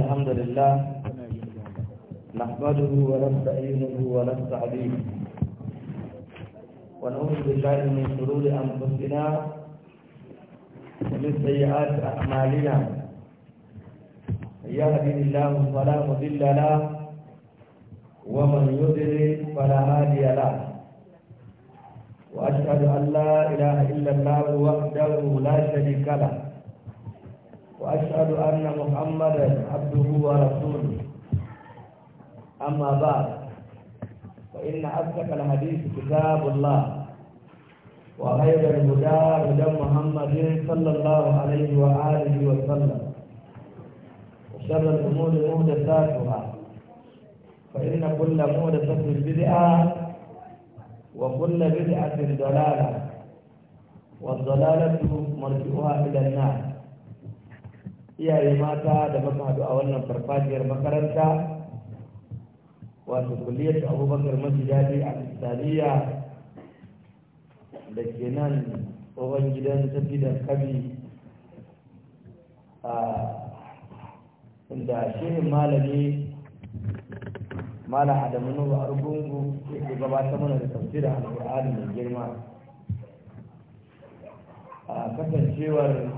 الحمد لله نحمده ونستعينه ونستعليه ونعوذ بالله من شرور أنفسنا ومن سيئات أعمالنا يهدي الله فلا مضل له ومن يضلل فلا هادي له وأشهد أن لا إله إلا الله وحده لا شريك له وأشهد أن محمدا عبده ورسوله أما بعد فإن أصدق الحديث كتاب الله وخير الهدى هدى محمد صلى الله عليه وآله وسلم وشر الأمور مهدساتها فإن كل مهدسة بدعة وكل بدعة ضلالة والضلالة مرجوها إلى النار iyaye mata da muka haɗu a wannan farfajiyar makaranta wato kulliyar abubakar mafi daɗi a italiya da ke nan tsohon gidan tafi da kabi a inda shirin malami malam adamu nuhu argungu ke gabata mana da tafsirin alƙur'ani mai girma a kasancewar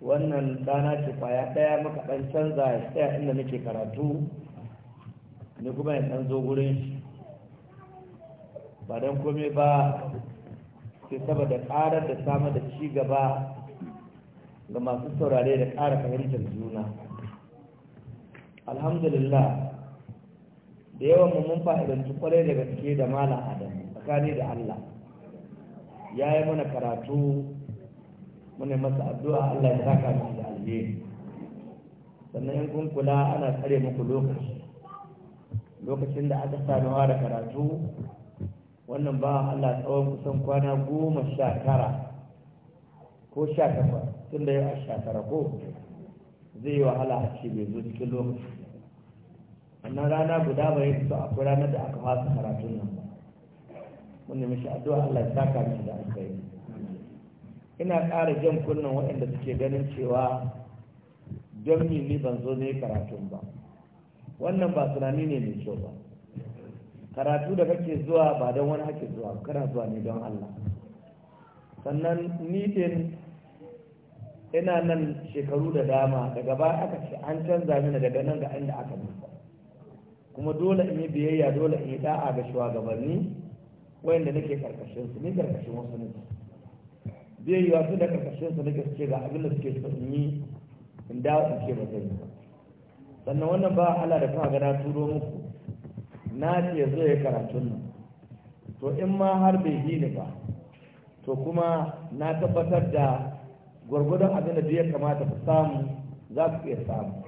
wannan rana ce ya ɗaya maka ɗan canza ya tsaya inda nake karatu ni kuma ya dan zo ba don kome ba sai saboda karar da samar da ci gaba ga masu saurare da ƙara fahimtar juna alhamdulillah da yawan mu mun fa'idanci kwarai da gaske da malam adam tsakani da allah ya yi mana karatu muna masa addu'a Allah ya saka mu da alheri sannan in kun kula ana tsare muku lokaci lokacin da aka sanuwa da karatu wannan ba Allah tsawon kusan kwana goma sha tara ko sha takwas tun da yau a sha tara ko zai yi wahala a ce bai zo cikin lokaci wannan rana guda ba yi su akwai ranar da aka fasa karatun nan mun nemi shi addu'a Allah ya saka mu da alheri ina ƙara jan kunnen waɗanda suke ganin cewa don ni ban zo ne karatun ba wannan ba tunani ne mai kyau ba karatu da kake zuwa ba don wani hake zuwa kana zuwa ne don Allah sannan nifin ina nan shekaru da dama daga baya aka ce an canza mini daga nan ga inda aka nufa kuma dole in yi biyayya dole in yi da'a ga shugabanni wayanda nake karkashin su ni karkashin wasu nake zai yi wasu da karkashin su nake suke ga abin da suke so in yi in dawo in ce ba sannan wannan ba ala da kuma gana turo muku na ce zo ya karatun nan to in ma har bai yi ni ba to kuma na tabbatar da gwargwadon abin da ya kamata ku samu za ku iya samu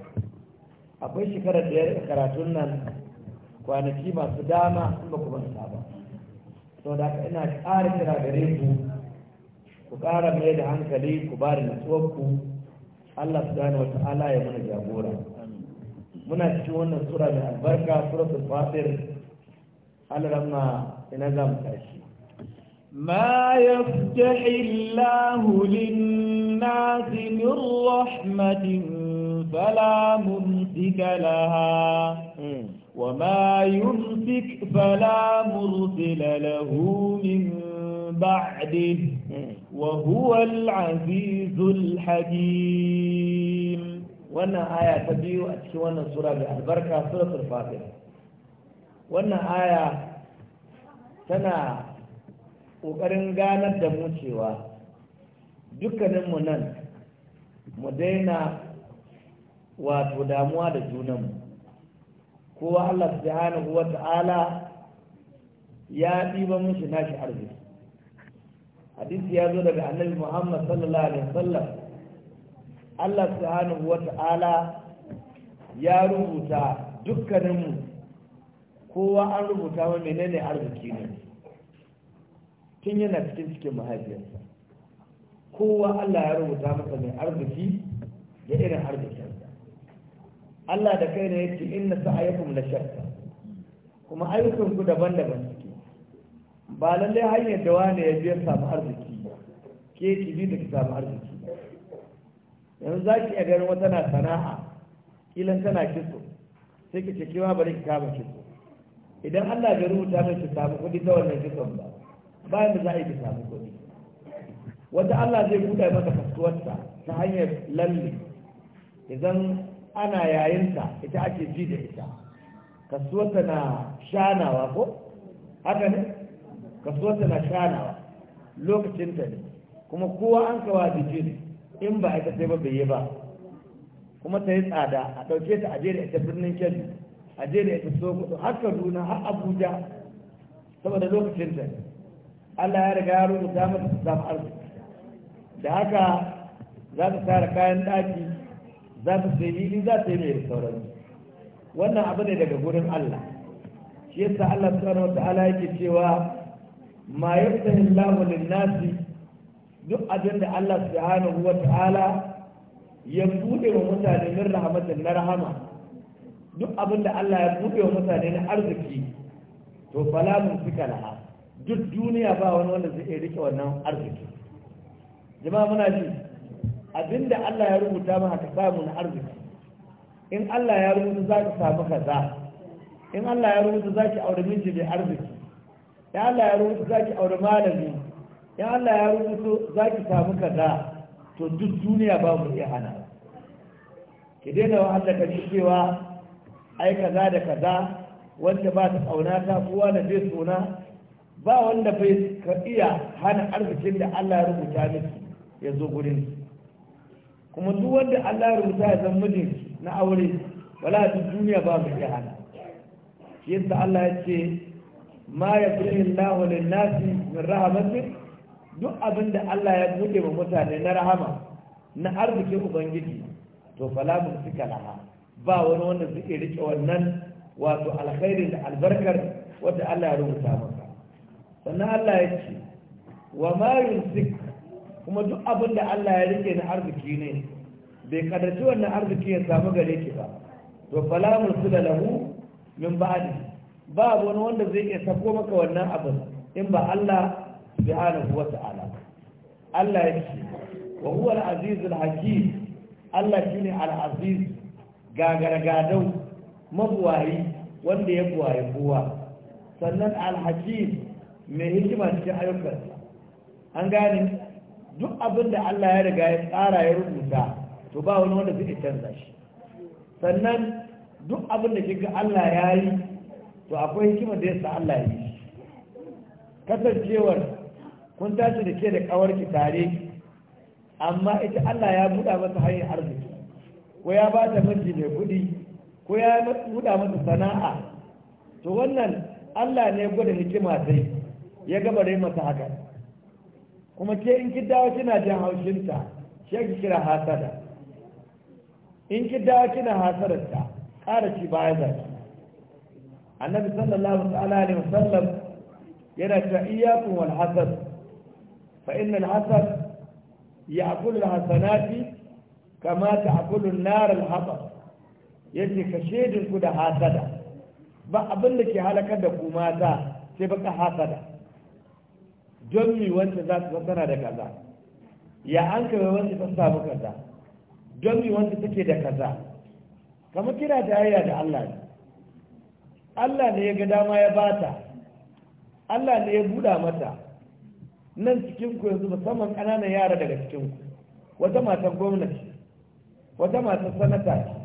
akwai shekarar da ya karatun nan kwanaki masu dama in ba ku ban ba saboda ina ƙara kira gare ku ku ƙara mai da hankali ku ba da natsuwarku Allah subhanahu wa ta'ala ya mana jagora muna cikin wannan sura mai albarka suratul fatir alramma ina za mu tashi ما يفتح الله للناس من رحمة فلا ممسك لها وما يمسك فلا مرسل له من بعده وهو العزيز الحكيم wannan aya ta biyu a cikin wannan sura da albarka suratul fatir wannan aya tana ƙoƙarin ganar da mu cewa dukkaninmu nan mu daina wato damuwa da junanmu kowa Allah subhanahu wa ta'ala ya ɗiba mushi nashi arziki hadisi ya zo daga annabi muhammad sallallahu alaihi wasallam allah subhanahu wa ta'ala ya rubuta dukkaninmu kowa an rubuta wa menene arziki ne tun yana cikin cikin mahaifiyarsa kowa allah ya rubuta masa mai arziki da irin arzikinsa allah da kai ne ya ce inna sa'ayakum la shakka kuma ayyukanku daban-daban ba lallai hanyar da wani ya biyar samu arziki ke ki bi da ki samu arziki yanzu za ki iya ganin wata na sana'a kilan tana kitso sai ki ce kewa bari ki kama kitso idan Allah bai rubuta mai ki samu kuɗi ta wannan kiso ba bayan da za a yi ki samu kuɗi wata Allah zai buɗe maka kasuwarsa ta hanyar lalle idan ana yayinta ita ake ji da ita kasuwarsa na shanawa ko haka ne kasuwarsa na shanawa lokacinta ne kuma kowa an kawa jiki ne in ba ita sai ba bai yi ba kuma ta yi tsada a ɗauke ta aje da ita birnin kebbi aje da ita sokoto har kaduna har abuja saboda lokacinta ne allah ya riga ya rubuta mata ta samu arziki da haka za ta tara kayan ɗaki za ta sai lili za ta yi mai sauran wannan abu ne daga gurin allah shi yasa allah subhanahu wa ta'ala yake cewa ma yaftahi Allahu lin-nasi duk abin da Allah subhanahu wa ta'ala ya bude wa mutane min rahmatin na rahama duk abin da Allah ya bude wa mutane na arziki to fala mun fika laha duk duniya ba wani wanda zai iya rike wannan arziki jama'a muna ji abinda Allah ya rubuta maka ka samu na arziki in Allah ya rubuta za ka samu kaza in Allah ya rubuta za ki aure miji da arziki ya Allah ya rubuta zaki aure malami ya Allah ya rubuta zaki samu kaza to duk duniya ba mu iya hana ki daina wa Allah ka cewa ai kaza da kaza wanda ba ta kauna ta kowa na zai sona ba wanda bai ka iya hana arzikin da Allah ya rubuta miki ya zo gurin kuma duk wanda Allah ya rubuta ya zan mijin na aure wala duk duniya ba mu iya hana shi yadda Allah ya ce ma ya firin lahu lin nasi min rahamatin duk abin da Allah ya buɗe wa mutane na rahama na arzikin ubangiji to fala mun suka laha ba wani wanda suke rike wannan wato alkhairin da albarkar wanda Allah ya rubuta maka sannan Allah ya ce wa ma yunsik kuma duk abin da Allah ya rike na arziki ne bai kadarci wannan arziki ya samu gare ki ba to fala mun lahu min ba'di ba wani wanda zai iya sako maka wannan abin in ba Allah subhanahu wa ta'ala Allah ya ce wa huwa al-aziz al-hakim Allah shine al-aziz gagargadau mabuwayi wanda ya buwaye kowa sannan al-hakim mai hikima cikin ayyukansa an gane duk abin da Allah ya riga ya tsara ya rubuta to ba wani wanda zai canza shi sannan duk abin da kika Allah ya yi to akwai hikimar da yasa Allah ya yi kasancewar kun tashi da ke da kawarki tare amma ita Allah ya buɗa masa hanyar arziki ko ya ba ta miji mai kuɗi ko ya buɗa masa sana'a to wannan Allah ne gwada hikima sai ya gaba rai masa haka kuma ke in ki dawo kina jin haushinta shi ki kira hasada in ki dawo kina ta, ƙara ci baya zaki annabi sallallahu alaihi wasallam yana ta iyyakum wal hasad fa inna al hasad ya'kulu al hasanati kama ta'kulu an nar al hatab yace ka shedin ku da hasada ba abin da ke halakar da ku mata sai baka hasada don mi wanda za su tana da kaza ya an kai wanda ta samu kaza don mi wanda take da kaza kamar kina tarayya da Allah ne Allah ne ya ga dama ya bata Allah ne ya buɗa mata nan cikinku ku yanzu musamman ƙananan yara daga cikinku, wata matan gwamnati wata matan sanata ce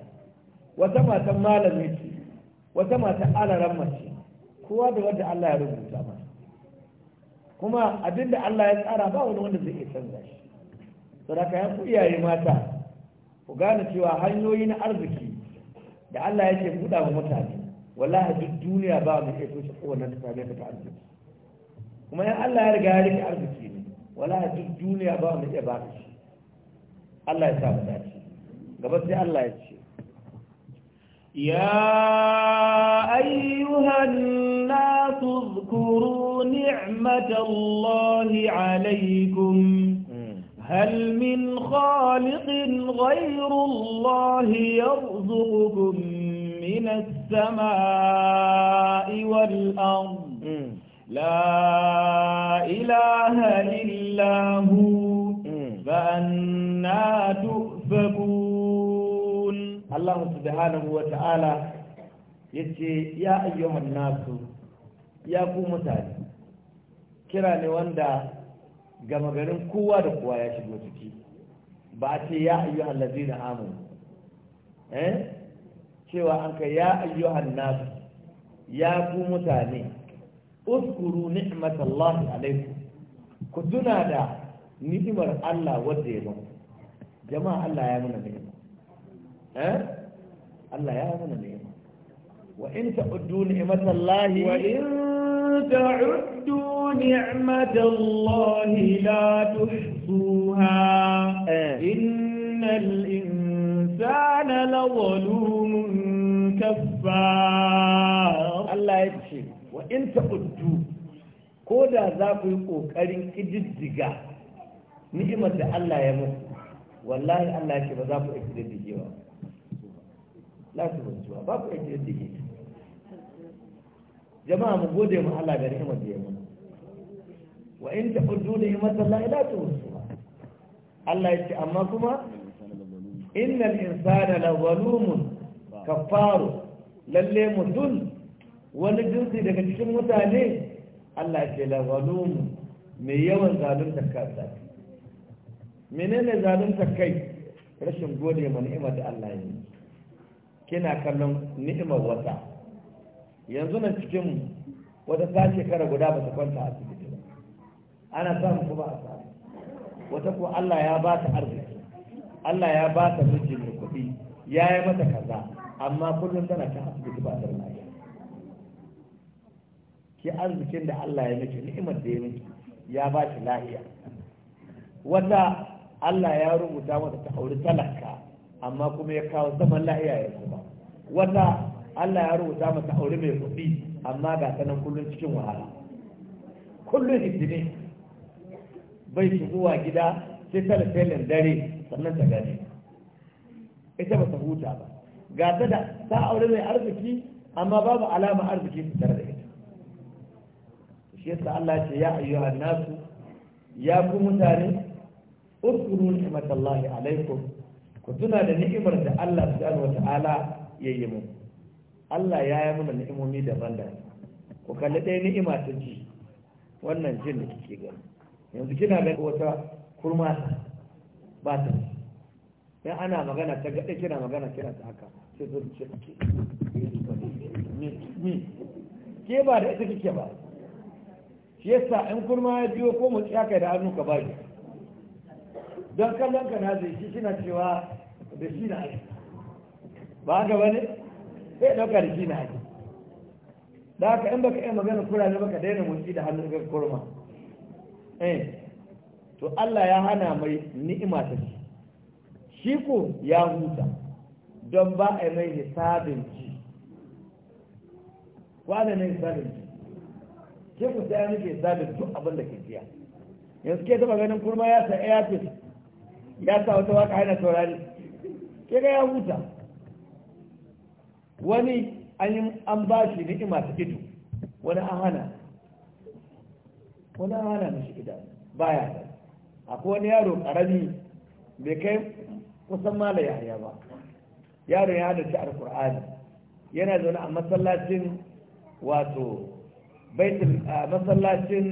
wata matan malami ce wata matan alaran mace kowa da wanda Allah ya rubuta mata kuma abinda Allah ya tsara ba wani wanda zai iya canza shi saboda ya ku iyaye mata ku gane cewa hanyoyi na arziki da Allah yake buɗa wa mutane والله في الدنيا بعض إيه؟ يا الله إيه؟ الله يسامح هذا الشيء يا أيها الناس اذكروا نعمة الله عليكم هل من خالق غير الله يرزقكم من السماء السماء والأرض لا إله إلا هو فأنا تؤفكون الله سبحانه وتعالى yace ya ayyuhan nasu ya ku mutane kira ne wanda gama garin kowa da kowa ya shigo ciki ba a ce ya ayyuhan lazina amanu eh cewa an ka ya ayyuhan nasu ya ku mutane uskuru ni'matallahi alaikum ku tuna da ni'imar Allah wadda ya jama'a Allah ya mana ni'ima eh Allah ya mana ni'ima wa in ta'uddu ni'matallahi wa in ta'uddu ni'matallahi la tuhsuha eh. innal insana lawlumun in taɓuttu ko da za ku yi ƙoƙarin ƙididdiga ni'imar da Allah ya muku wallahi Allah ce ba za ku iya ƙididdige ba la ku bantuwa ba ku iya ƙididdige jama'a mu gode mu Allah ga ni'imar da ya muku wa in taɓuttu ni'imar da Allah la ku bantuwa Allah ya ce amma kuma innal insana lawalumun kafaru lalle mutum wani jinsi daga cikin mutane Allah ce la zalum mai yawan zalunta kansa menene zalunta kai rashin gode ma ni'imar da Allah ya yi kina kallon ni'imar wata yanzu nan cikin wata ta shekara guda ba ta kwanta a asibiti ba ana samun kuma a sa wata ko Allah ya ba ta arziki Allah ya ba ta miji mai kuɗi ya yi mata kaza amma kullum tana ta asibiti ba ta ki arzikin da Allah ya miki ni'imar da ya miki ya ba ki lahiya wata Allah ya rubuta mata ta auri talaka amma kuma ya kawo zaman lahiya ya kuma wata Allah ya rubuta mata auri mai kuɗi amma ga sanan kullun cikin wahala kullun hitini bai zuwa gida sai talafelin dare sannan ta gani ita ba ta huta ba ga ta da ta aure mai arziki amma babu alama arziki su tare da ita shi yasa Allah ce ya ayyu nasu ya ku mutane uskuru ni'matallahi alaikum ku tuna da ni'imar da Allah subhanahu wata'ala ya yi mu Allah ya yi mana ni'imomi daban-daban ku kalli dai ni'ima ta ji wannan jin da kike gani yanzu kina ga wata kurma ba ta dan ana magana ta gaɗe kina magana kina ta haka sai zo ce ke ba da ita kike ba shi yasa in kurma ya biyo ko mu tsaka da hannu ka bari don kallon ka na zai shi suna cewa da shi na aiki ba ga ba ne sai ɗauka da shi na aiki da haka in baka yi magana ne baka daina motsi da hannun ga kurma eh to Allah ya hana mai ni'ima ta shi shi ko ya huta don ba a mai hisabin ci kwanan hisabin ci sai ku saya miki sabis duk abin da ke biya yanzu ke taba ganin kurma ya sa airfis ya sa wata waka hana saurari ke ga ya huta wani an ba shi ni'ima ta ido wani an hana wani an hana mishi ida baya akwai wani yaro karami bai kai kusan mala yaya ba yaro ya hada shi alkur'ani yana zaune a masallacin wato baitul masallacin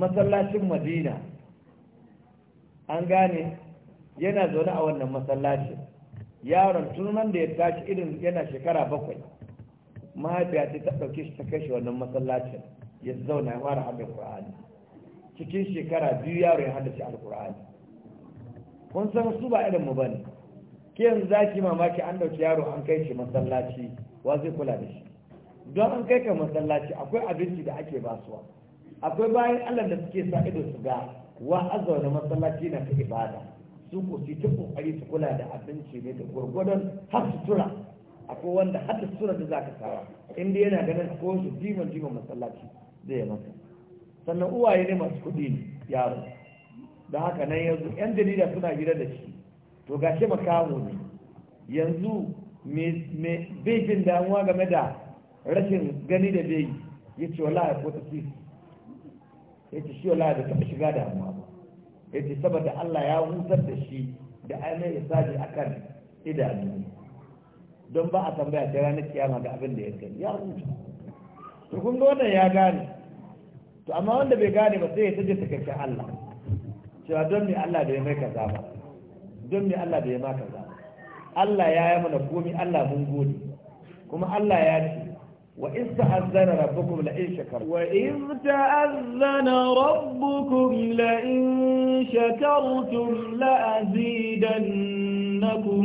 masallacin madina an gane yana zaune a wannan masallacin yaron tunan da ya tashi irin yana shekara bakwai mahaifiya ta ta ɗauke shi ta kai shi wannan masallacin ya zauna ya fara haɗa ƙur'ani cikin shekara biyu yaro ya haɗa shi alƙur'ani kun san su ba irin mu bane ke yanzu zaki mamaki an ɗauki yaro an kai shi masallaci wa zai kula da shi don an kai ka masallaci akwai abinci da ake basuwa akwai bayan allah da suke sa ido su ga wa masallaci na ta ibada su ko su ta kokari su kula da abinci ne da gwargwadon har sutura akwai wanda har da sutura da zaka sawa inda yana ganin ko su jiman jiman masallaci zai maka sannan uwaye ne masu kuɗi ne yaro da haka nan yanzu yan jarida suna gida da shi to ga shi makamu ne yanzu bai jin damuwa game da rashin gani da bai yi, ya ce "Wala ya ta sisi ya ce shi wala da taɓa shiga da amma ba ya ce saboda Allah ya hutar da shi da ainihin a kan idanu don ba a tambaya ta ranar kiyama ga abin da ya gani ya huta to kun ga wannan ya gane to amma wanda bai gane ba sai ya taje takakken Allah cewa don me Allah da ya mai kaza ba don me Allah da ya ma kaza Allah ya yi mana komi Allah mun gode kuma Allah ya ce وإذ تأذن ربكم لئن شكرتم وإذ تأذن ربكم لئن شكرتم لأزيدنكم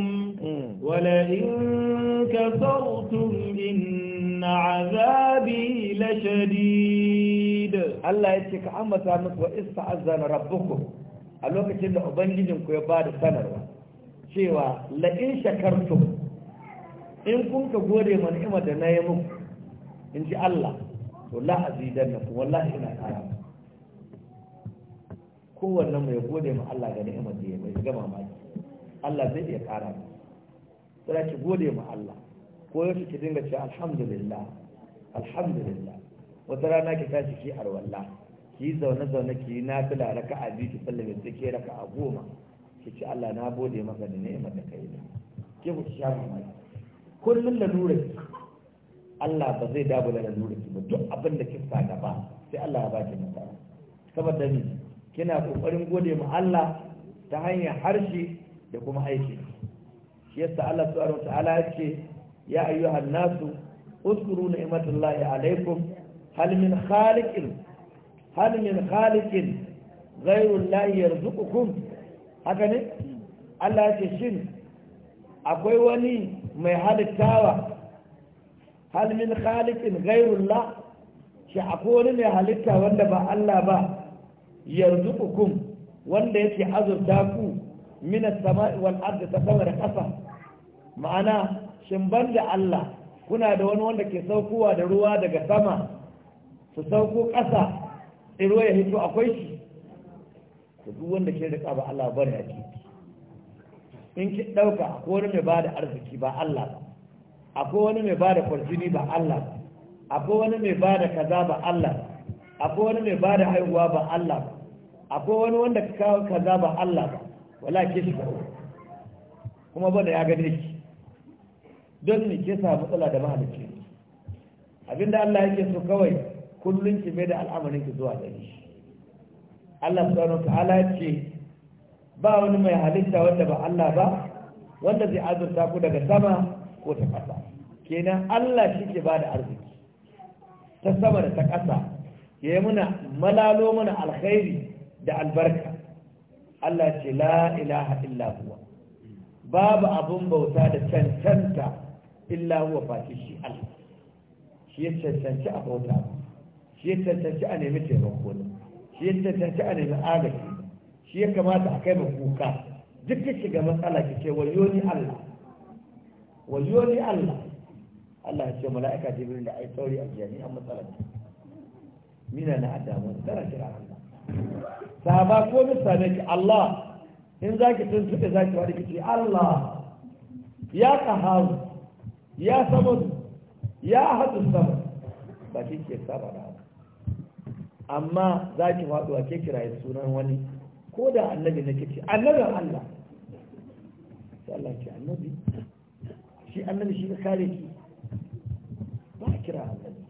ولئن كفرتم إن عذابي لشديد الله يتك عما تعمل وإذ تأذن ربكم ألوك تلك أبنجنكم يبعد سنة شيوا لئن شكرتم إن كنت قولي من إما دنايا مكم in ji Allah la azidan na la ina kara kowanne mu ya gode ma Allah ga ni'imar da ya bai ga mamaki Allah zai iya kara mu sai ki gode ma Allah ko yaushe ki dinga cewa alhamdulillah alhamdulillah wata rana ki tashi ki arwalla ki zaune zaune ki yi nafila raka'a biyu ki sallame sai ke raka a goma ki ce Allah na gode maka da ni'imar da kai ne ke ku sha mamaki kullun lalurar Allah ba zai dabula da nuna ki ba duk abin da kin sa gaba sai Allah ya baki nasara saboda ni kina kokarin gode mu Allah ta hanyar harshe da kuma aiki shi yasa Allah subhanahu wataala ya ce ya ayyuhan nasu اذكروا نعمة الله عليكم هل من خالق هل من خالق غير الله يرزقكم haka ne Allah ya ce shin akwai wani mai halittawa hal min khaliqin ghayrullah shi akwai wani mai halitta wanda ba Allah ba yanzu yarzuqukum wanda yake azurta ku min as-sama'i wal ardi sama da ƙasa ma'ana shin banda Allah kuna da wani wanda ke saukowa da ruwa daga sama su sauko ƙasa tsiro ya hito akwai shi to duk wanda ke rika ba Allah bane a ciki in ki dauka akwai wani mai bada arziki ba Allah ba akwai wani mai ba da kwarjini ba Allah akwai wani mai ba da kaza ba Allah akwai wani mai ba da haihuwa ba Allah akwai wani wanda ka kawo kaza ba Allah ba wala ke shi kuma ba da ya gane shi. don ne ke sa matsala da mahalicci abinda Allah yake so kawai kullun ki mai da al'amarin ki zuwa gare shi Allah subhanahu ta'ala ce ba wani mai halitta wanda ba Allah ba wanda zai azurta ku daga sama ko ta ƙasa kenan Allah shi ke ba da arziki ta sama da ta ƙasa ya yi muna malalo mana alkhairi da albarka Allah ce la ilaha illa huwa babu abun bauta da cancanta illa huwa face shi Allah shi ya cancanci a bauta shi ya cancanci a nemi taimako shi ya cancanci a nemi agaji shi ya kamata a kai kuka duk ki shiga matsala ki ce wayo ni Allah wayo ni Allah Allah ya ce mala'ika jibril da ai sauri a jiyani an matsalar mina na adamu tana kira Allah sahaba ko misali ki Allah in zaki tuntuɓe zaki wani kici Allah ya kaharu ya samadu ya hadu sama ba ki ke saba da haka amma za ki faɗo a ke kiraye sunan wani ko da annabi na kici annabin Allah sai Allah ke annabi shi annabi shi ka kare ki ba a kira annabi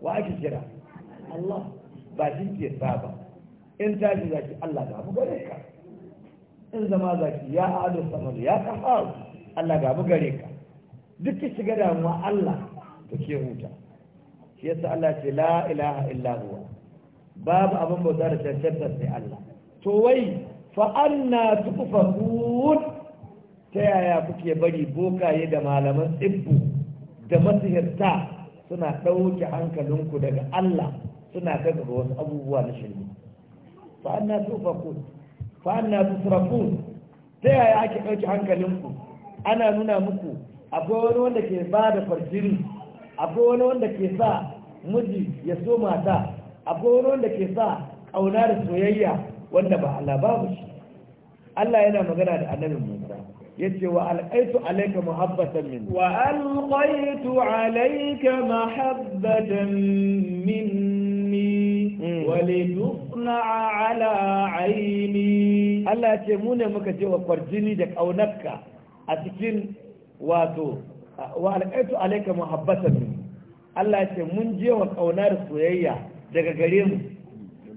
wa ake kira Allah ba shi ke saba in tashi zaki Allah ga mu gare ka in zama zaki ya adu samad ya kahar Allah ga mu gare ka duk ki shiga damuwa Allah to ke huta shi yasa Allah ce la ilaha illa huwa babu abin bauta da cancantar sai Allah to wai fa anna tukufakun ta yaya kuke bari bokaye da malaman tsibbu da masihirta suna ɗauke hankalinku daga Allah suna daga wasu abubuwa na shirme fa'anna tufakun fa'anna tusrafun ta yaya ake ɗauke hankalinku ana nuna muku akwai wani wanda ke ba da farjini, akwai wani wanda ke sa miji ya so mata akwai wani wanda ke sa ƙauna da soyayya wanda ba Allah babu shi Allah yana magana da annabin mu yace wa alqaitu alayka muhabbatan min wa alqaitu alayka mahabbatan minni mm. wa litusna ala aini Allah yace mu ne muka je wa kwarjini da kaunarka a cikin wato wa alqaitu alayka muhabbatan minni Allah yace mun je wa kaunar soyayya daga gare mu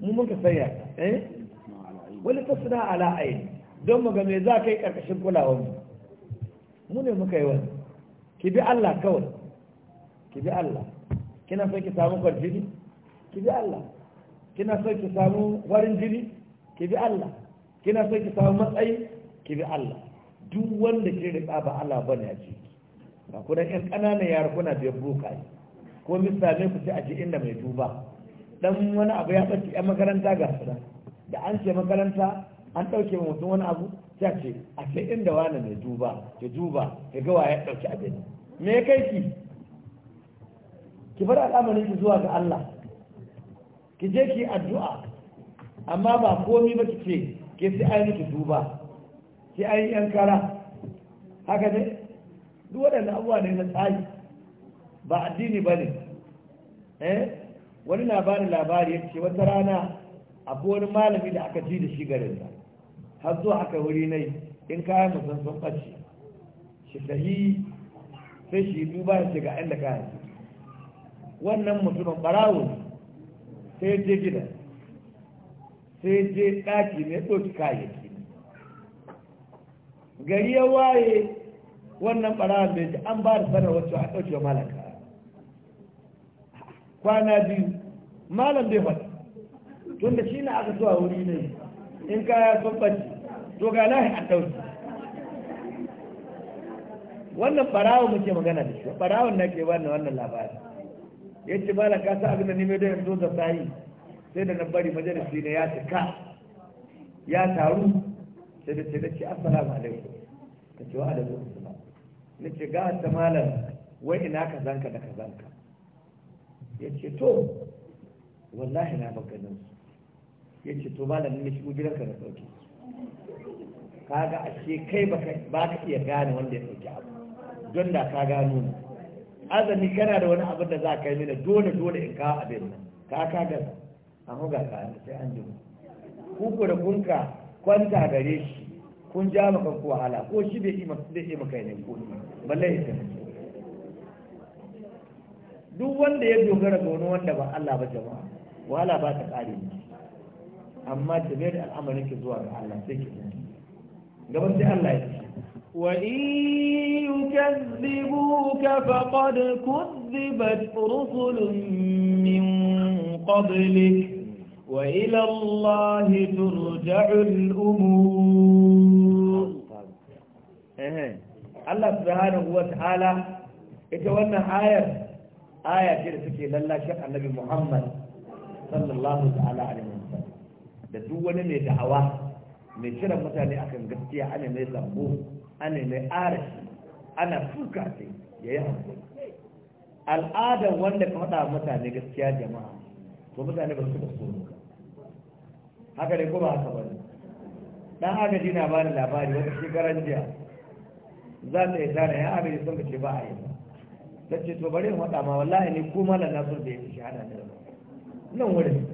mu muka sanya eh wani tasna ala aini don mu ga me za ka yi ƙarƙashin kulawar mu mu ne muka yi wani ki bi Allah kawai ki bi Allah kina so ki samu kwarjini ki bi Allah kina so ki samu warin jini ki bi Allah kina so ki samu matsayi ki bi Allah duk wanda ke riƙa ba Allah ne ya ce ba ku ƴan ƙananan yara kuna da buka yi ko same ku ce a ji inda mai duba dan wani abu ya ɓace ƴan makaranta ga su da an ce makaranta an ɗauke wa mutum wani abu ta ce a ce inda wani mai duba ya duba ya ga ya ɗauki abin me ya kai ki ki bar al'amarin ki zuwa ga Allah ki je ki addu'a amma ba komi ba ki ce ke sai an ki duba sai an yan kara haka ne duk waɗanda abuwa ne na tsari ba addini ba ne eh wani labarin labari ya ce wata rana akwai wani malami da aka ji da shi garin har zuwa haka wuri yi in kayan mutum sun ɓace shi sahi sai shi duba ya shiga inda kayan wannan mutumin ɓarawo sai je gida sai je ɗaki ne ɗauki kayayyaki gari ya waye wannan ɓarawon da ya an ba da sanar wacce a ɗauke malaka kwana biyu malam bai faɗi tunda shi na aka zuwa wuri ne in kaya sun ɓace to ga lahi wannan farawon muke magana da shi farawon na ke bani wannan labari ya ce ba da kasa abin da nime da yanzu da sayi sai da na bari majalisi ne ya cika ya taru sai da ce da ce assalamu alaikum ta ce wa alaikum assalam na ce ga ta malam wai ina ka zanka da ka zanka ya ce to wallahi na maganin su ya ce to malam ne shigo gidanka da sauke su kaga ce kai ba ka iya gane wanda ya ɗauki abu don da ka gano ni Azami kana da wani abin da za ka yi mini dole dole in kawo abin nan ka ka gaza muga ga kayan sai an jima kuku da kunka kwanta gare shi kun ja maka ko wahala ko shi bai yi maka ne ko ni balle ya duk wanda ya dogara ga wani wanda ba Allah ba jama'a wahala ba ta kare ne أما تبير الأمر لك زوار على سكت قبل سي الله وإن يكذبوك فقد كذبت رسل من قبلك وإلى الله ترجع الأمور إيه. الله سبحانه وتعالى يتولى آية آية في لله شيخ النبي محمد صلى الله تعالى عليه وسلم da duk wani mai da'awa mai kiran mutane akan gaskiya ana mai zambo ana mai arashi ana suka sai ya yi hankali al'adar wanda ka faɗa mutane gaskiya jama'a to mutane ba su da ka haka ne ko ba haka bane dan agaji na bani labari wata shekaran jiya za ta yi tana ya agaji sun ka ce ba a yi ta ce to bari in faɗa ma wallahi ne ko malam na sun da ya fi shahada da nan wurin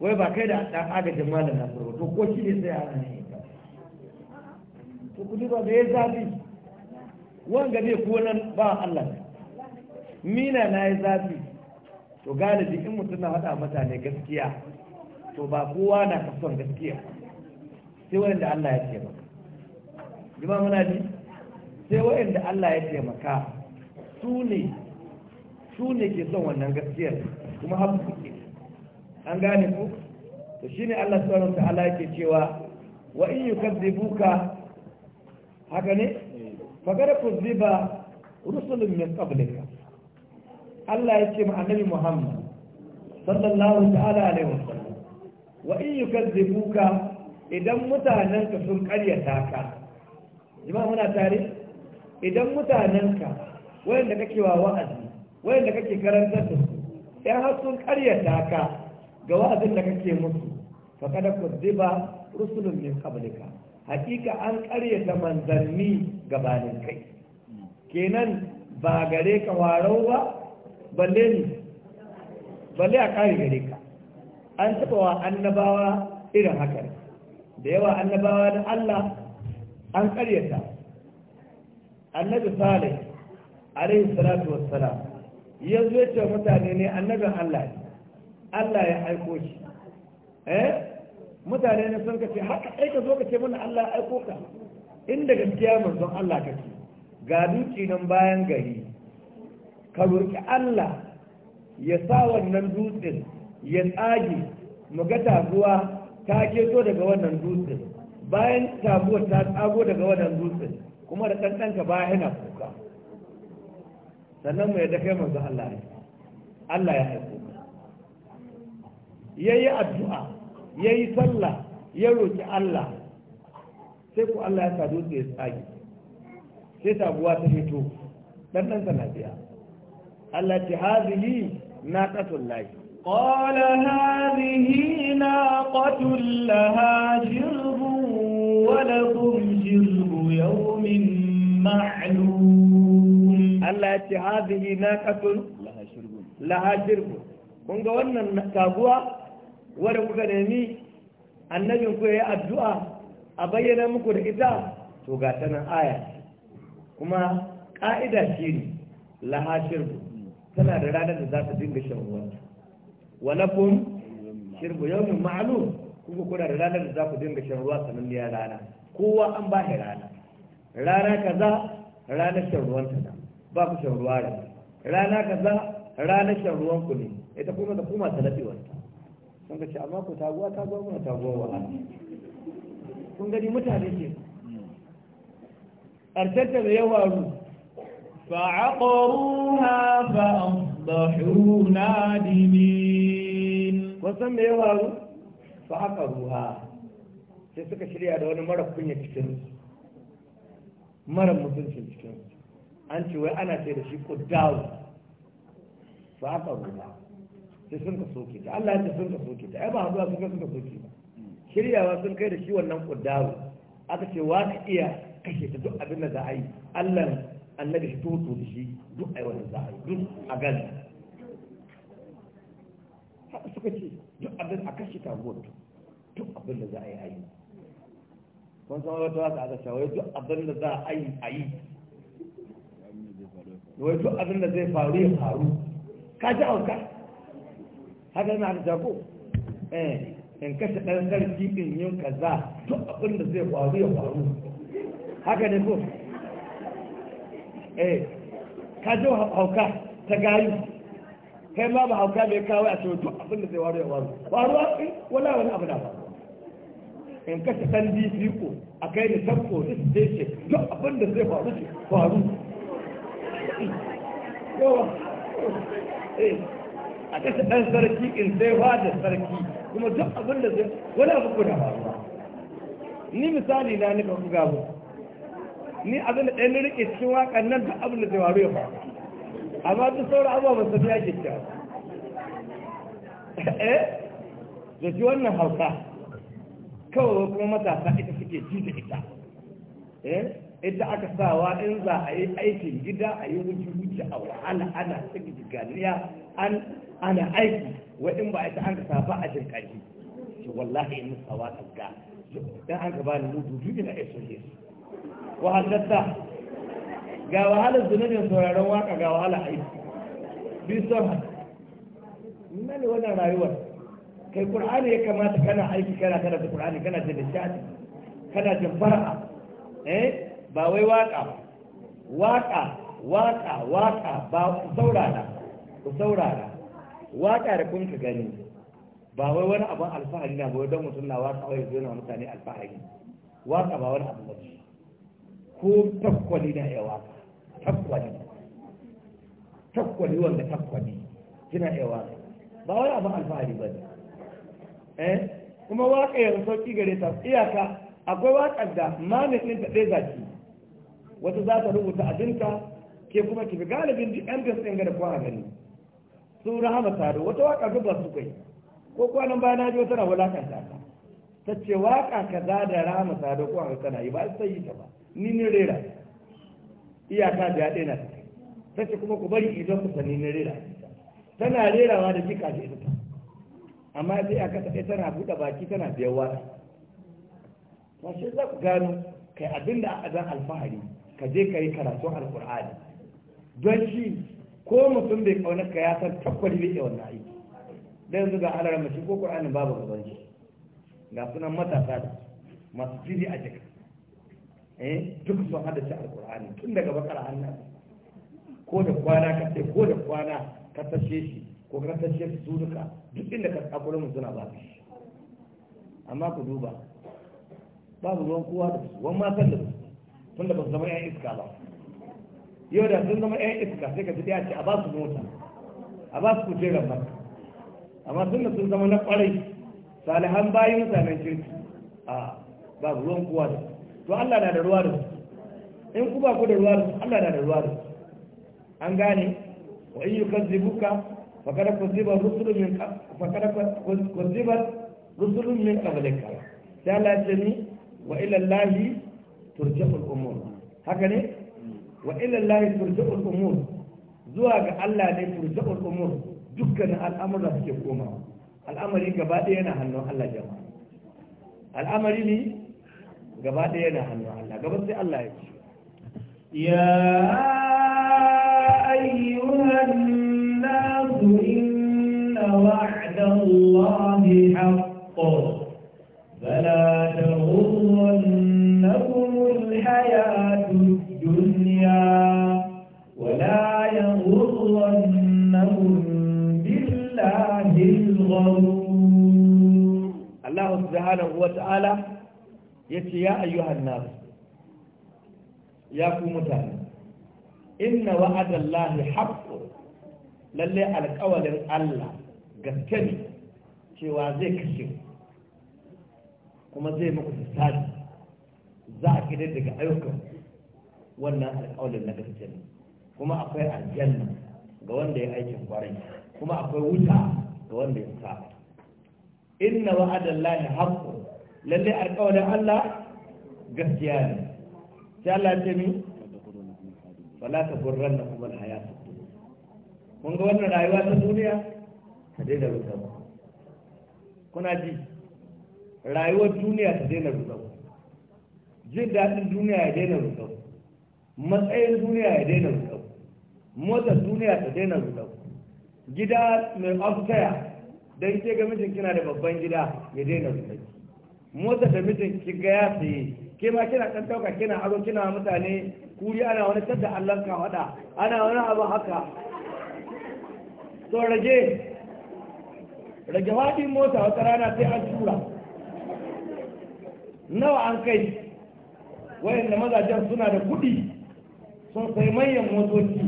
wai ba kai da ɗan agajin malam na ba to ko shi ne sai a ne to kudi ba da ya zafi wanga zai ko nan ba Allah mina na ya zafi to galibi in mutum na hada mutane gaskiya to ba kowa na kason gaskiya sai wanda Allah ya taimaka jima muna ji sai wanda Allah ya taimaka su ne su ne ke son wannan gaskiyar kuma haɓu suke an gane ku to shine Allah subhanahu ta'ala yake cewa wa in yukadzibuka haka ne ku ziba, rusulun min qablika Allah yake ma annabi Muhammad sallallahu ta'ala alaihi wasallam wa in yukadzibuka idan mutanen ka sun karyata ka jama'a muna tare idan mutanen ka wayanda kake wa wa'azi wayanda kake karantar da su ya har sun karyata ka ga wa'azin da kake musu kada ku ziba rusulun min qablika hakika an ƙaryata manzanni gabanin kai kenan ba gare ka warau ba balle ni balle a ƙari gare ka an taɓa wa annabawa irin haka da yawa annabawa da Allah an ƙaryata annabi salih alaihi salatu wassalam yanzu ya ce mutane ne annabin Allah ne Allah ya aiko shi eh mutane ne sun kace haka kai ka zo ka ce mana Allah ya aiko ka inda gaskiya manzon Allah kake ga duki nan bayan gari ka roki Allah ya sa wannan dutsen ya tsage mu ga taguwa ta keto daga wannan dutsen bayan taguwar ta tsago daga wannan dutsen kuma da ɗanɗanka baya yana kuka sannan mu yadda kai manzon Allah ne Allah ya aiko ya yi addu'a ya yi sallah ya roƙi Allah sai ku Allah ya sadu da ya tsage sai sabuwa ta fito dan dan Allah ta hazihi na ƙasun lahi قال laha ناقة wadda kun ولكم شرب يوم معلوم الله هذه ناقة na شرب laha jirgu kun ga wannan taguwa wadda kuka nemi annabin ku ya addu'a a bayyana muku da ita to ga ta nan aya kuma ƙa'ida shi ne lahashir tana da ranar da za ta dinga shan ruwa walakum shirbu yawmin ma'lum kuka kuna da ranar da za ku dinga shan ruwa ya rana kowa an ba rana rana kaza ranar shan ruwan ta ba ku shan ruwa rana kaza ranar shan ruwan ku ne ita kuma da kuma ta lafi sun ka ce amma ku taguwa taguwa muna taguwa wahala kun gani mutane ke ƙarshenta da yawa ru fa'aqaruha na nadimin wasan da yawa ru fa'aqaruha sai suka shirya da wani mara kunya cikin mara mutuncin cikin an ce wai ana ce da shi kudawu fa'aqaruha sai sun ka soke ta Allah ya sun ka soke ta ai ba haduwa sun ka suka soke ba shiryawa sun kai da shi wannan kuddawo aka ce wa ka iya kashe ta duk abin da za a yi Allah annabi shi toto da shi duk ai wannan za a yi duk a gani haka suka ce duk abin a kashe ta goto duk abin da za a yi a yi kun san wata wata aka ce duk abin da za a yi a yi wai duk abin da zai faru ya faru ka ji auka haka yana da jago eh in kashe ɗan sarki ɗin yin kaza to abin da zai faru ya faru haka ne ko eh ka jo hauka ta gayu kai ma ba hauka mai kawai a ce duk abin da zai faru ya faru Faru in wala wani abu na faru in kashe ɗan dpo a kai ni san police ce. duk abin da zai faru ya faru yawa eh a ɗan sarki in sai da sarki kuma duk abin da zai wani abu da faruwa ni misali na nika ku gabo ni abin da ɗan rike cikin waƙa nan duk abin da zai waru ya faru amma duk sauran abuwa ba su biya ke cewa eh da shi wannan hauka kawai kuma matasa ita suke ji da ita eh ita aka sawa in za a yi aikin gida a yi wuce wuce a wahala ana cikin ganiya an ana aiki waɗin ba a ta an ka saba a jin ƙarfi to wallahi in sawa ga dan an ka ba ni mutu duk ina iso ne wa halatta ga wahalar zunubin sauraron waka ga wahalar aiki bi sama ne wannan rayuwar kai ƙur'ani ya kamata kana aiki kana kana da ƙur'ani, kana da nishadi kana jin fara'a eh ba wai waka ba waka waka waka ba ku saurara ku saurara waƙa da kun ka gani ba wai wani abin alfahari na ba don mutum na waƙa wai zo na mutane alfahari waƙa ba wani abu bace ko takwali na iya waƙa takwali takwali wanda takwali kina iya waƙa ba wani abin alfahari ba ne eh kuma waƙa yanzu sauƙi gare ta iyaka akwai waƙar da mamin ta ɗaya zaki wata za ta rubuta abinta ke kuma ki bi galibin duk yan gaskiyan ga da kowa gani su rahama sado wata waka ba su kai ko kwanan bayan na ji wata na ta ta ce waka za da rahama sado ko haka kana yi ba sai yi ta ba ni ne rera iyaka da ya daina ta ce kuma ku bari idan ku sani ne rera tana rerawa da jika da ita amma sai kasa tafi tana buɗe baki tana biyan wata ba shi za ku gano kai abinda a azan alfahari ka je ka yi karatun alkur'ani don shi ko mutum bai kaunar ka ya san tabbali bai wannan aiki da yanzu ga alar mashi ko qur'anin babu gaban shi ga sunan matasa da masu fili a jika eh duk sun haddace alqur'ani tun daga bakar hannu ko da kwana ka sai ko da kwana ka tashe shi ko ka tashe su duka duk inda ka tsakuri mu suna babu shi amma ku duba babu ruwan kowa da su wani matan da su tun da ba su zama yan iska ba yau da sun zama yan iska sai ka ji ya ce a ba su mota a ba su kujerar maka amma sun da sun zama na kwarai salihan bayan mutanen kirki a ba ruwan kuwa da to Allah na da ruwa da su in ku ba ku da ruwa da su Allah na da ruwa da su an gane wa in yukazzibuka fakada kuzziba rusulun min fakada kuzziba rusulun min qablika sai Allah ya ce ni wa ilallahi turjiful turja'ul umur haka ne wa ilallahi turja'ul umur zuwa ga Allah ne turja'ul umur dukkan al'amura suke komawa al'amari gaba ɗaya yana hannun Allah jama'a al'amari ne gaba ɗaya yana hannun Allah gaba sai Allah ya ce ya ayyuhan nasu inna wa'da Allah haqqo فلا تغرنكم الحياة Allah subhanahu wata'ala ya ce ya ayyuhan nasu ya ku mutane inna wa'adan lahi haƙƙo lalle alƙawarin Allah gaske ne cewa zai kashe kuma zai muku sassari za a kira daga ayyukan wannan alƙawarin na gaske ne kuma akwai aljanna ga wanda ya aikin kwarai kuma akwai wuta ga wanda ya saba inna wa'adallahi haqqun lalle alƙawarin Allah gaskiya ne sai Allah ce mi wala ta gurran na kuma hayatu mun ga wannan rayuwa ta duniya ta daina rusa kuna ji rayuwar duniya ta daina rusa jin daɗin duniya ya daina rusa matsayin duniya ya daina rusa motar duniya ta daina rusa gida mai aftaya don ke ga mijin kina da babban gida ya daina zuwa motsa da mijin ki ga ya saye ke ma kina ɗan ɗauka kina aro kina mutane kuri ana wani tadda allon ka faɗa ana wani abu haka to rage rage faɗin mota wata rana sai an tura nawa an kai wayanda mazajen suna da kuɗi sun sai manyan motoci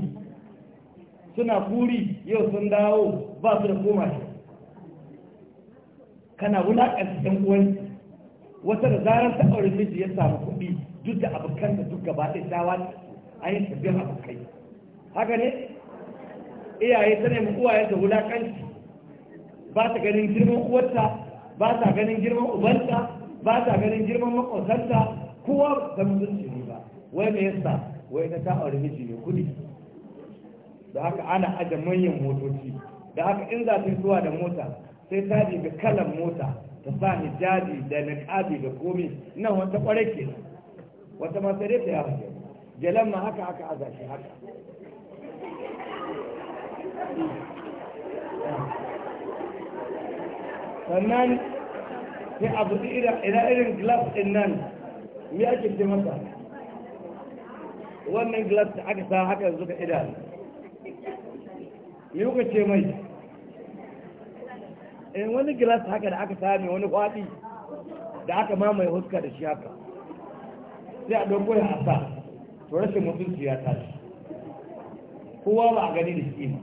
suna furi yau sun dawo ba su da koma shi kana wulaƙanta ɗan uwan wata da zarar ta aure miji ya samu kuɗi duk da abokan da duk gaba ɗaya dawa a yin sabbin abokai haka ne iyaye ta nemi uwaye da wulaƙanci ba ta ganin girman uwarta ba ta ganin girman ubanta ba ta ganin girman makwasanta kowa ba da mutunci ne ba wai me yasa wai ta ta aure miji ne kuɗi da haka ana aje manyan motoci da haka in za ta zuwa da mota sai ta ga kalan mota ta sa hijabi da niqabi da komi nan wata kware ke wata ma sai ta yafa jalan ma haka haka aza shi haka sannan sai abu ina irin glass din nan me ake ce masa wannan glass da aka sa haka yanzu ka idanu me kuka ce mai eh wani gilas haka da aka sami wani kwaɗi da aka mamaye huska da shi haka sai a ɗauko ya asa to rashin mutunci ya tashi kowa ba a gani da shi ne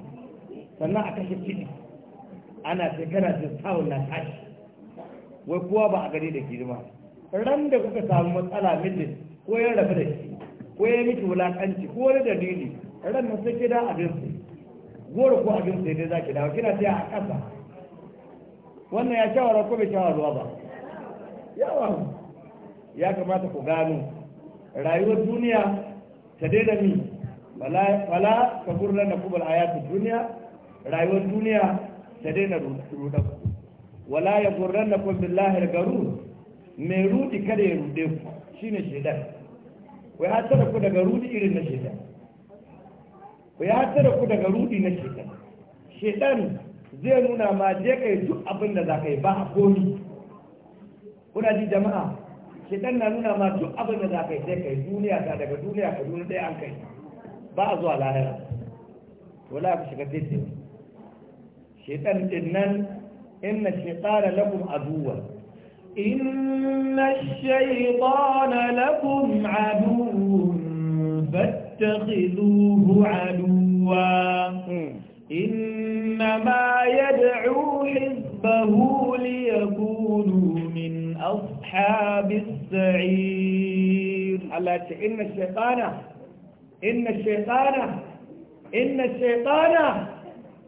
sannan a kashe ciki ana shekara ta sawun na tashi wai kowa ba a gani da girma ran da kuka samu matsala mijin ko ya rabu da shi ko ya miki wulaƙanci, ko wani dalili ran na sai gida abin su goro ko abin sai dai zaki dawo kina tsaya a ƙasa wannan ya shawara ko bai shawara ba yawa ya kamata ku gano rayuwar duniya ta daina mi wala ta gurna na kubal ayatun duniya rayuwar duniya ta daina ku wala ya gurna na kubal lahir garu mai rudi kada ya rude ku shine shaidan wai hasara ku daga rudi irin na shaidar. ku ya hattara ku daga rudi na shekaru shekaru zai nuna ma je kai duk abin da za ka yi ba a komi kuna ji jama'a shekaru na nuna ma duk abin da za ka yi sai kai duniya ta daga duniya ka duniya ɗaya an kai ba a zuwa lahira wala ku shiga tete shekaru din nan inna shekara lakum aduwa inna shaytana lakum aduwa تتخذوه عدوا إنما يدعو حزبه ليكونوا من أصحاب السعير التي إن الشيطان إن الشيطان إن الشيطان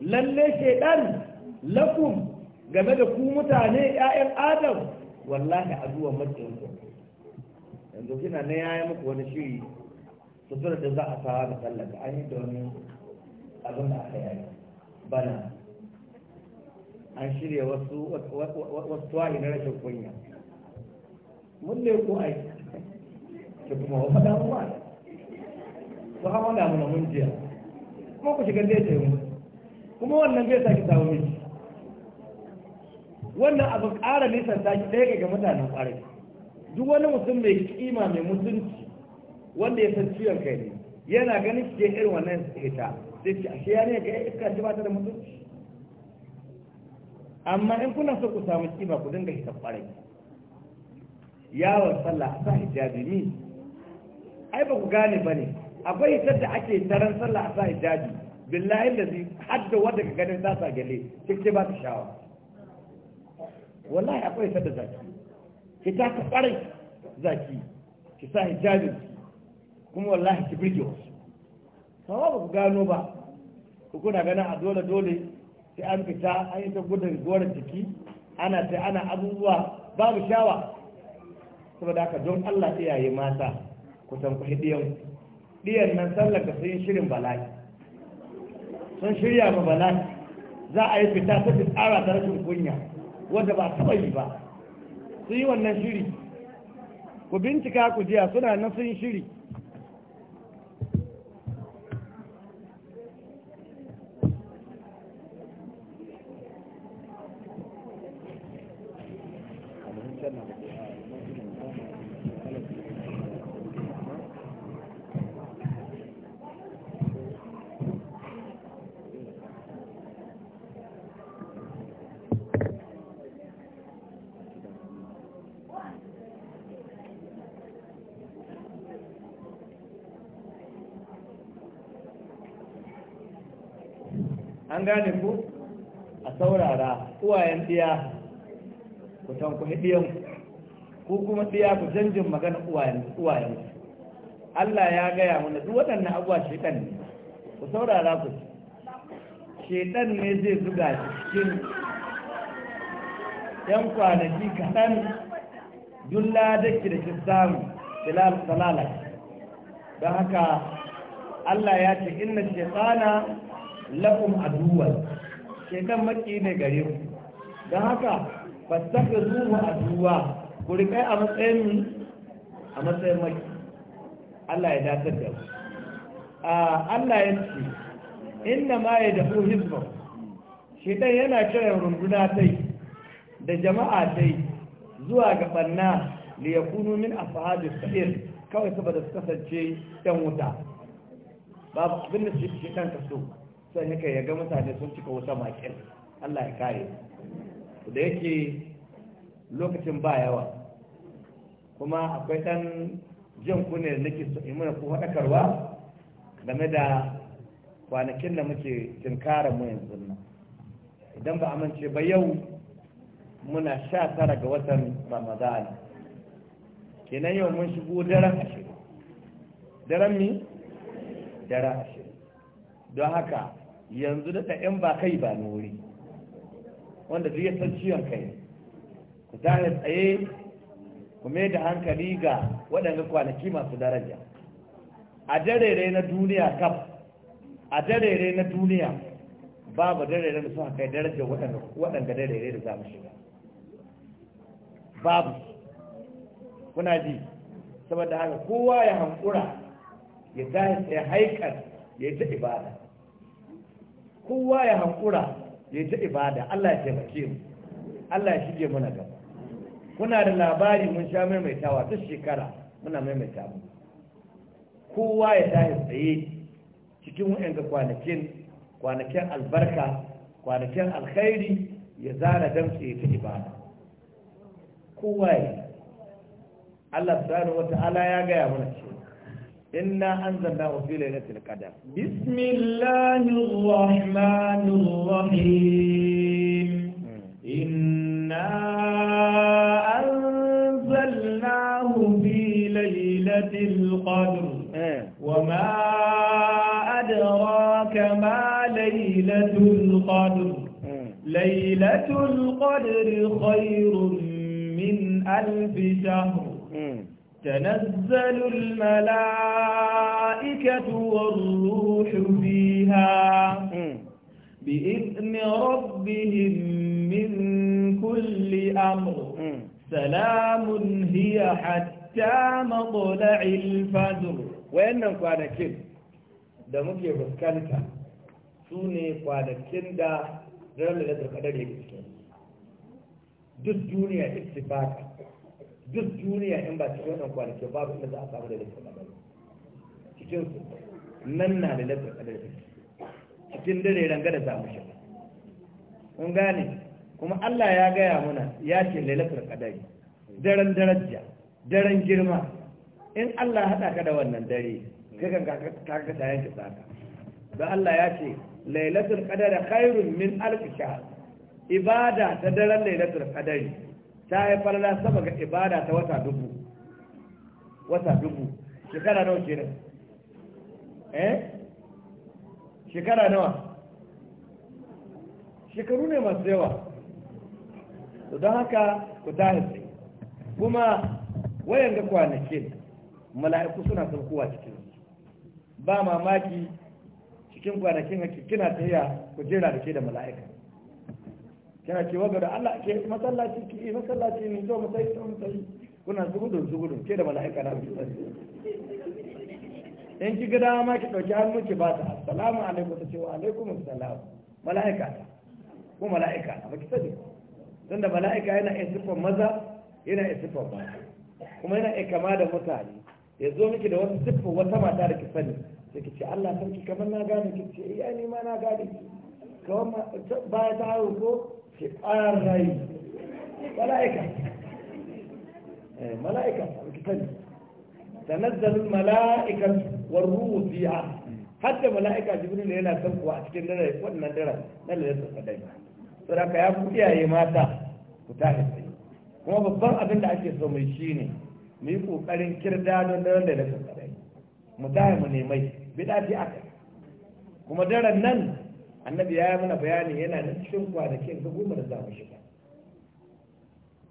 للي شيطان لكم قبل da ku يا آدم والله wallahi a zuwa matsayinku yanzu kina na sutura da za a sawa da tallata an yi domin abin da aka yaya bana an shirya wasu wasu tuwa'i na rashin kunya mun ne ko ai Ke kuma wa faɗa mu ba Su ha wanda mun mun jiya kuma ku shiga dai tayi kuma wannan bai saki samu miki wannan abu ƙara nisan taki ɗaya ga mutanen ƙwarai duk wani mutum mai kima mai mutunci wanda ya san ciwon kai ne yana ganin shi irin wannan hita sai ce ashe ya ne ga iska ce ba ta da mutunci amma in kuna so ku samu kima ku dinga hita kwarai yawon sallah sa hijabi ni ai ba ku gane ba ne akwai hitar da ake taron sallah a sa hijabi billahi zai hadda wadda ka ganin za sa gale cikin ba ta shawa wallahi akwai hitar da zaki ki ta ka kwarai zaki ki sa hijabi. kuma wallahi ki birge wasu kawo ba ku gano ba ku kuna gana a dole dole sai an fita an yi ta gudun goron jiki ana ta ana abubuwa babu shawa saboda haka don Allah iyaye mata ku tankwai ɗiyan ɗiyan nan sallar da sun shirin bala'i sun shirya ma bala'i za a yi fita ta tsara ta rashin kunya wanda ba taba yi ba sun yi wannan shiri ku bincika ku jiya suna nan sun shiri gane ku a saurara uwayen ɗiya ku tankuhi hidiyan ku kuma ɗiya ku canjin magana uwayen Allah ya gaya mana duk waɗannan abuwa shekan ne ku saurara ku shekan ne zai zuga cikin ‘yan kwanaki kaɗan dulla da ki da ki samu salala don haka Allah ya ce inna shekana lakum aduwan shaitan maki ne gare ku don haka fattaka zuwa aduwa ku rikai a matsayin a matsayin maki Allah ya dace da ku Allah ya ce inna ma ya dafu shi shaitan yana kiran runduna tai da jama'a tai zuwa ga banna li yakunu min Fahadu sa'ir kawai saboda su kasance ɗan wuta babu abin shi shi ka so sai haka ya ga mutane sun cika wuta makin Allah ya kare da yake lokacin ba yawa kuma akwai ɗan jin kunne da nake so imuna ko haɗakarwa game da kwanakin da muke tinkara mu yanzu nan idan ba amince ba yau muna sha tara ga watan ramadan kenan yau mun shigo daren ashirin daren mi daren ashirin don haka yanzu da ɗan ba kai ba nori wanda zai san ciwon kai ku tare tsaye ku mai da hankali ga waɗanda kwanaki masu daraja a darere na duniya kaf a darere na duniya babu darere da suka kai darajar waɗanda darere da za mu shiga babu kuna ji saboda haka kowa ya hankura ya tsaye haikar ya yi ta ibada kowa ya hankura ya ta ibada Allah ya taimake mu Allah ya shige mana gaba kuna da labari mun sha maimaitawa duk shekara muna maimaita mu kowa ya tashi tsaye cikin ga kwanakin kwanakin albarka kwanakin alkhairi ya zana damtse ya ta ibada kowa ya Allah subhanahu wata'ala ya gaya mana cewa إنا أنزلناه في ليلة القدر بسم الله الرحمن الرحيم إنا أنزلناه في ليلة القدر وما أدراك ما ليلة القدر ليلة القدر خير من ألف شهر تنزل الملائكة والروح فيها بإذن ربهم من كل أمر سلام هي حتى مطلع الفجر وإنهم kwanakin da muke fuskanta su ne kwanakin da ranar da kadar duk duniya istifaka duk duniya in ba cikin wannan kwanaki babu inda za a samu da lafiyar kadar cikin su nan na da lafiyar kadar cikin dare ranga da zamu shi kun gane kuma Allah ya gaya muna ya ce lailatul qadari daren daraja daren girma in Allah hada ka da wannan dare kakan ka ka ta yanke saka don Allah ya ce lailatul qadar khairun min alf shahr ibada ta daren lailatul qadari ta yi falala sama ga ibada ta wata dubu wata dubu shekara nawa ke nan eh shekara nawa shekaru ne masu yawa don haka ku ta tahisi kuma wayan ga kwanakin mala'iku suna saukowa cikin ba mamaki cikin kwanakin hakikina ta yi ku jira da ke da mala'ika kina ce wagar Allah ke masallaci ki masallaci ne zo masallaci don sai kuna zugudun zugudun ke da mala'ika na biyu sai in ki ga dama ki dauki hannu ki ba ta assalamu alaikum ta ce wa alaikum assalam mala'ika ta ko mala'ika ba ki sani da mala'ika yana iya siffar maza yana iya siffar mata kuma yana iya kama da mutane ya zo miki da wasu siffar wata mata da ki sani sai ki ce Allah sarki kamar na gane ki ce eh, iya ni ma na gane ki kawai baya ta haihu ko ke ƙwarar rayu mala'ika eh, mala'ika ki sani tanazzalul mala'ikatu war ruhu fiha hatta mala'ika jibril yana son kuwa a cikin dare waɗannan dare na lalatul qadari saboda ya ku iyaye mata ku tashi tsaye kuma babban abin da ake so mai shine mu yi ƙoƙarin kirda don daren lalatul qadari mu tashi mu nemai bid'a aka kuma daren nan annabi ya mana bayani yana da cikin kwanakin da goma da zamu shiga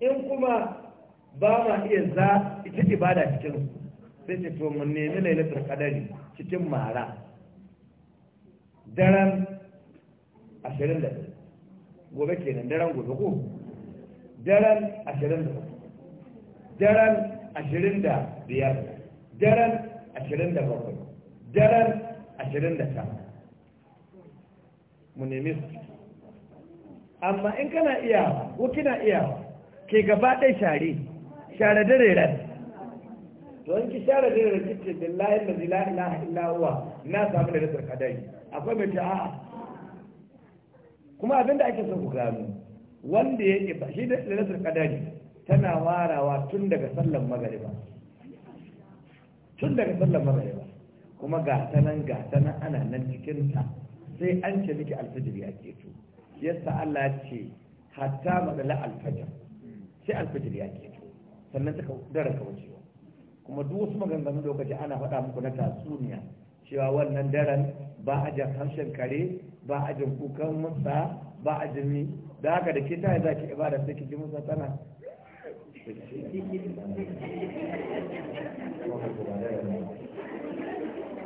in kuma ba ma iya za ita ibada cikin sai ce to mun nemi lailatul qadari cikin mara daren ashirin da gobe kenan daren gobe ko daren ashirin da daren ashirin da biyar daren bakwai daren 29 mu nemi su amma in kana iya ko kina iya ke gaba ɗai share share dare ran to in ki share dare kicce da billahi da zila ilaha illa uwa na samu da rasar kadari akwai mai ta a'a kuma abinda ake son ku gano wanda ya ke shi da rasar kadari tana warawa tun daga sallan magariba tun daga sallan magariba kuma ga ta nan ga ta nan ana nan cikin ta sai an ce miki alfajir ya keto yasa Allah ya ce hatta madala alfajir sai alfajir ya keto sannan ta dara ka wucewa kuma duk wasu maganganun lokaci ana faɗa muku na tatsuniya cewa wannan daren ba a jan harshen kare ba a jan kukan mutsa ba a jin da haka da ke ta za ki ibada sai ki ji musa sana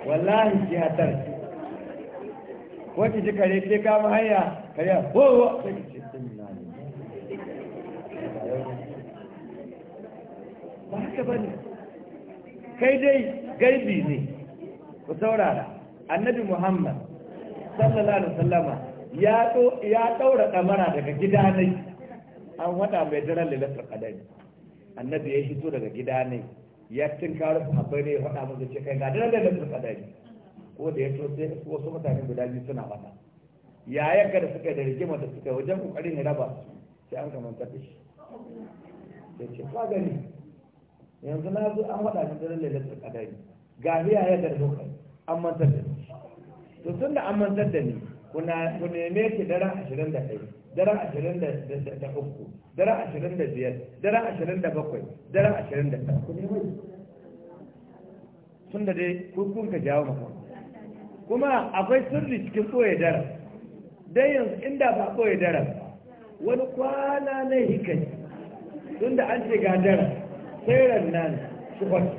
wallahi ki hatar wacce ji kare ke kama hanya kare wowo sai ki ba haka ba ne kai dai garbi ne ku saurara annabi muhammad sallallahu alaihi wasallama ya ɗaura kamara daga gidane an wada mai daren lalatar kadari annabi ya hito daga gidane ya tinkaro sahabbai ne ya faɗa musu ce kai ga daren lalatar kadari ko da ya to sai wasu mutane guda biyu suna mata Yaya ka da suka da rigima da suka wajen kokari ya raba sai an gama ta shi da ce ka gani yanzu na zo an faɗa min daren lailatul qadari ga ni yayan da doka an mantar da ni to tun da an mantar da ni kuna ku neme ki dara ashirin da ɗaya dara ashirin da uku dara ashirin da biyar dara ashirin da bakwai dara ashirin da ɗaya ku neme tun da dai kun ka jawo maka kuma akwai sirri cikin ɓoye daren don yanzu inda ba ɓoye daren wani kwana na hikai tun da an ce ga daren sai nan su kwanci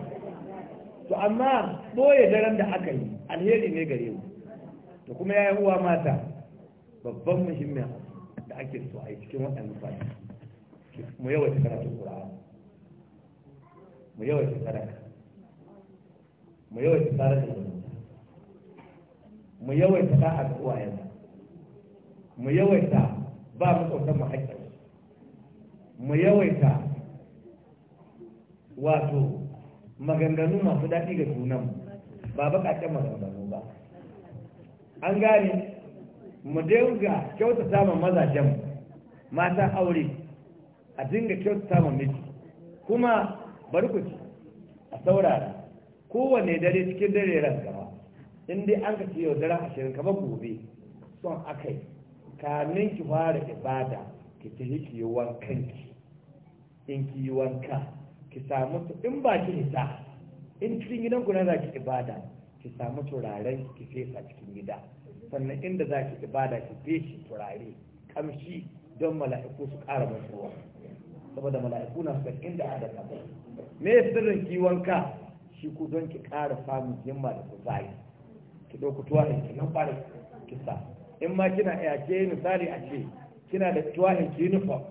to amma ɓoye daren da aka yi alheri ne gare mu to kuma ya yi uwa mata babban muhimmin da ake so a yi cikin waɗannan fata mu yawaita karatu ƙura'a mu yawaita sadaka mu yawaita sadaka mu yawaita da'a ga yanzu. mu yawaita ba mu kautar mu haƙƙin mu yawaita wato maganganu masu daɗi ga junanmu ba baƙaƙen maganganu ba an gane mu dinga kyautata ma mazajen mata aure a dinga kyautata ma miji kuma bari ku ci a saurara kowane dare cikin dare ran gaba in dai an ka ce yau daren ashirin kamar gobe son akai kamin ki fara ibada ki ci ki yi wankan ki in ki yi wanka ki samu in ba ki hita in cikin gidan ku na za ki ibada ki samu turaren ki fesa cikin gida sannan inda za ki ibada ki feshi turare kamshi don mala'iku su ƙara mutuwa saboda mala'iku na su inda ada kama me sirrin ki wanka shi ku don ki ƙara samun himma da kuzari ki ɗauki tuwahin ki nan ɓare ki in ma kina iya eh, ke misali a ce kina da tuwahin ki uniform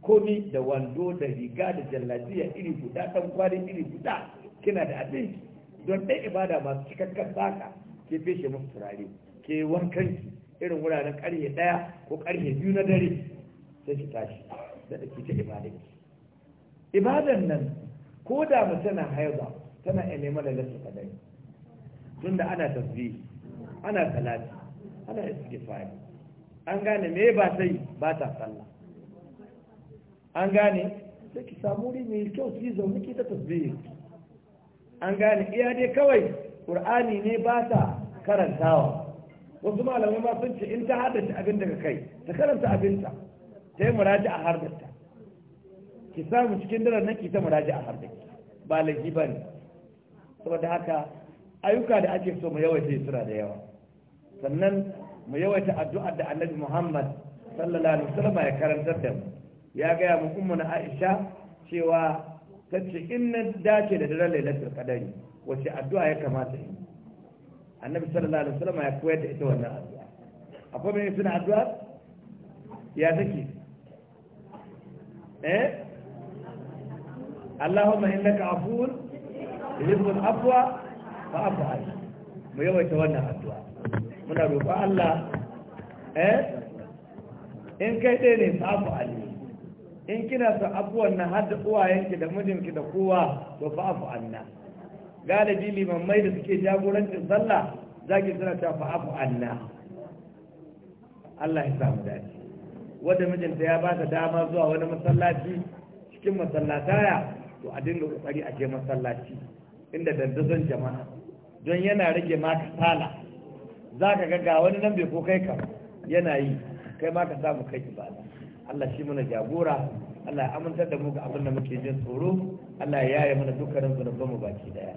komi da wando da riga da jallabiya iri guda ɗan kwari iri guda kina da abinci don ɗan ibada masu cikakken saka ke feshe musu turare ke ki irin wuraren ƙarfe ɗaya ko ƙarfe biyu na dare sai ki tashi da ɗauki ta ibadanki ibadan nan ko da mu tana haihuwa, tana iya neman lalata kadai tunda ana tasbih ana salati ana istighfar an gane me ba sai ba ta sallah an gane sai ki samu ri mai kyau ki zaune ki ta tasbih an gane iya dai kawai qur'ani ne ba ta karantawa wasu malamai ma sun ce in ta haddace abin daga kai ta karanta abinta ta yi muraji a hardarta ki samu cikin dare nan ki ta muraji a hardarki ba laifi ba ne saboda haka ayyuka da ake so mu yawaita sura da yawa sannan mu yawaita addu'a da annabi Muhammad sallallahu alaihi wasallam ya karantar da mu ya gaya mu ummu na Aisha cewa tace in na dace da daren lailatul qadari wace addu'a ya kamata yi annabi sallallahu alaihi wasallam ya koyar da ita wannan addu'a akwai mai suna addu'a ya take eh Allahumma innaka afuwun yuhibbul afwa fa afa mu yawaita wannan addu'a muna roƙon Allah eh in kai dai ne fa afa in kina son abuwan na har da uwayenki da mijinki da kowa to fa afu anna galibi mai da suke jagorancin sallah zaki suna ta fa afu anna Allah ya samu dace wanda mijinta ya ba dama zuwa wani masallaci cikin masallataya to a dinga kokari a je masallaci inda dandazon jama'a don yana rage maka sala za ka ga wani nan bai ko kai ka yana yi kai ma ka samu kai ibada Allah shi muna jagora Allah ya amintar da mu ga abin da muke jin tsoro Allah ya yaye mana dukkanin zunubanmu baki daya